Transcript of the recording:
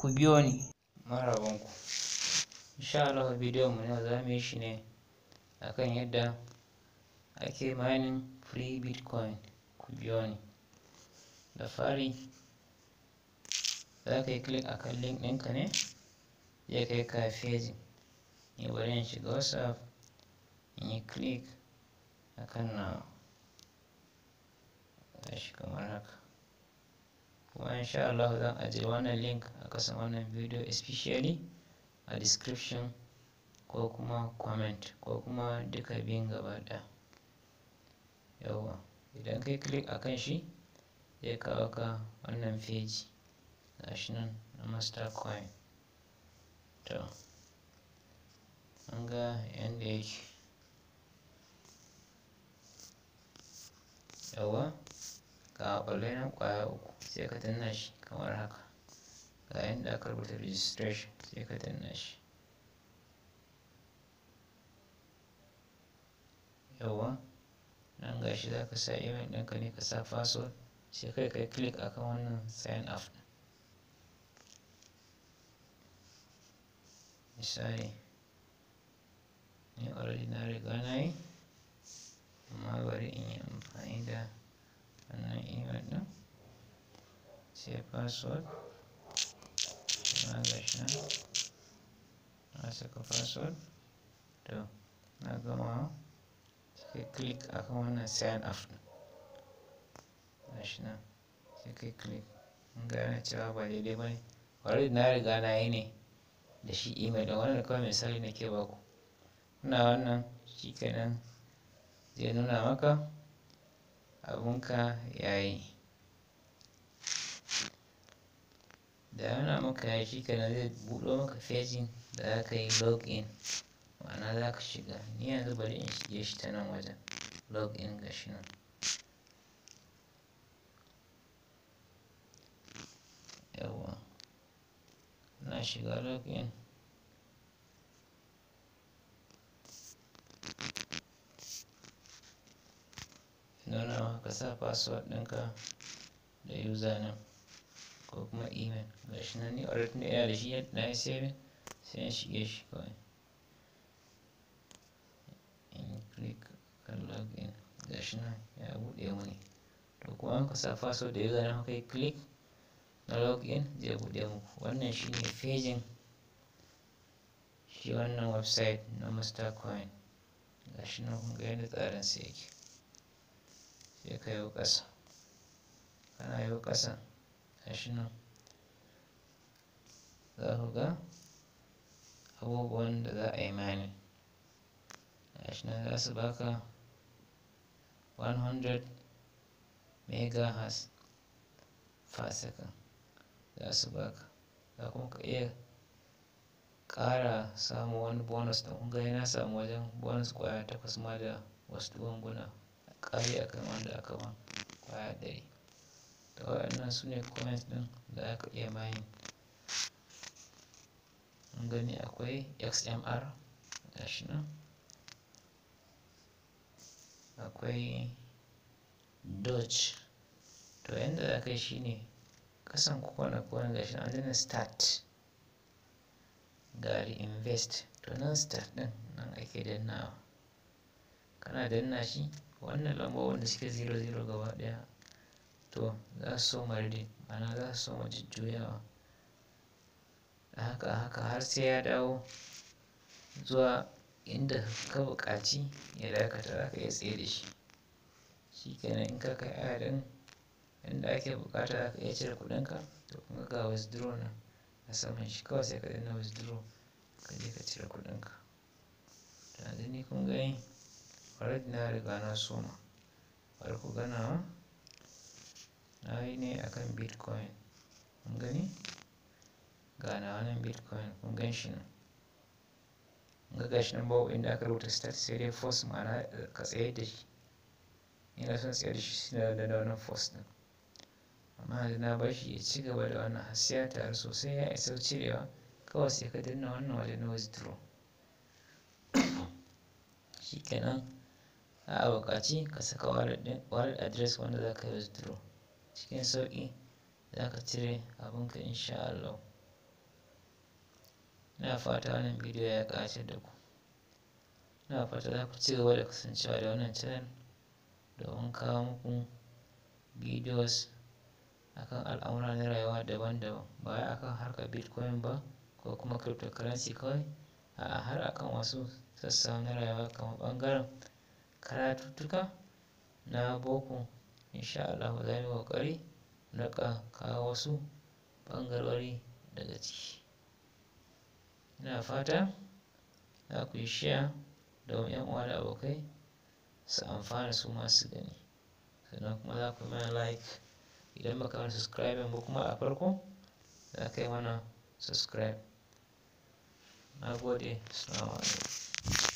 ku biyo ni marabanku insha Allah bidiyon mu na za mu shi ne akan yadda ake mining free bitcoin ku biyo ni da fari za ka yi click akan link ɗinka ne ya kai ka feji ni bari in shiga whatsapp in yi click akan na gashi kamar haka kuma insha Allah zan ajiye wannan link a kasan wannan video especially a description ko kuma comment ko kuma duka biyun gaba ɗaya yawa idan kai click a kan shi zai kawo ka wannan page shi nan na master coin to an ga yadda yake yawa ga ƙwallon ƙwaya uku sai ka danna shi kamar haka ga yadda aka rubuta registration sai ka danna shi yawa nan ga shi za ka sa email ɗinka ne ka sa password sai kai kai click akan wannan sign up misali ni already na riga na amma bari in yi amfani da wannan email ɗin sai password na gashi nan na saka password to na gama sai click akan wannan sign up gashi nan sai kai click in gane cewa ba daidai ba ne already na riga na yi ne da shi email da wannan kawai misali na ke baku ina wannan shi kenan zai nuna maka abunka yayi da ya nuna maka ya shi na zai buɗo maka fejin da za ka yi login ma'ana za ka shiga ni yanzu bari in shige shi ta nan wajen lock-in ga shi nan yawwa na shiga login nuna maka sa password ɗinka da username ko kuma imel ga shi nan ni already na yana da shi yadda na yi saving sai in shige shi kawai in click kan login ga nan ya bude mani to kuma an kusa faso da user na kai click na login zai bude muku wannan shi ne fejin shi wannan website na master coin ga nan kun ga yadda tsarin sa yake sai ka yi ƙasa kana yi ƙasa gashi za ku ga abubuwan da za a yi mani gashi za su baka 100 megahertz per second za su baka za kuma ka iya ƙara samu wani bonus da kunga yana samu wajen bonus kwaya takwas ma da wasu duwanguna ƙari akan wanda aka ban kwaya dari. to waɗannan su ne comments ɗin da aka iya mining mun gani akwai xmr gashi nan akwai dodge to yadda za ka yi shi ne kasan kowane kowane gashi nan an start gari invest to nan start ɗin nan ake dannawa kana danna shi wannan lambobin da suke 00 gaba ɗaya to za su soma reading ma'ana za su soma jujjuyawa a haka haka har sai ya dawo zuwa inda ka buƙaci ya dakata za ka iya tsaye da shi shi kenan in ka kai adadin inda ake buƙata za ka iya cire kuɗinka to kuma ga withdraw nan a saman shi kawai sai ka danna withdraw ka je ka cire kuɗinka to yanzu ni kun gani already na riga na soma bari ku ganawa ne akan Bitcoin. Kun gani? Gana nawa nan Bitcoin kun gan shi ne. Kun ga shi nan babu inda aka rubuta stat sai dai force ma'ana eh, ka tsaye da shi. Ina son tsayar da shi suna da wannan force din. Amma na bar shi ya ci gaba da wannan ya taru sosai ya isa cirewa kawai sai ka danna wannan wajen na withdraw. Shi kenan. a buƙaci ka saka wallet address wanda za ka yi withdraw cikin sauƙi za ka cire abinka insha Allah. Ina fata wannan bidiyo ya ƙayatar da ku. Ina fata za ku ci gaba da kasancewa da wannan channel domin kawo muku bidiyos akan al'amura na rayuwa daban-daban ba wai akan harkar bitcoin ba ko kuma cryptocurrency kawai a'a har akan wasu sassa na rayuwa kamar ɓangaren karatuttuka na boko insha Allah za mu yi ƙoƙari rika kawo wasu ɓangarori daga ciki ina fata za ku yi share domin 'yan uwa da abokai su amfana su masu gani sannan kuma za ku mana like idan baka mana subscribe ba kuma a farko za ka yi mana subscribe na gode salamu alaikum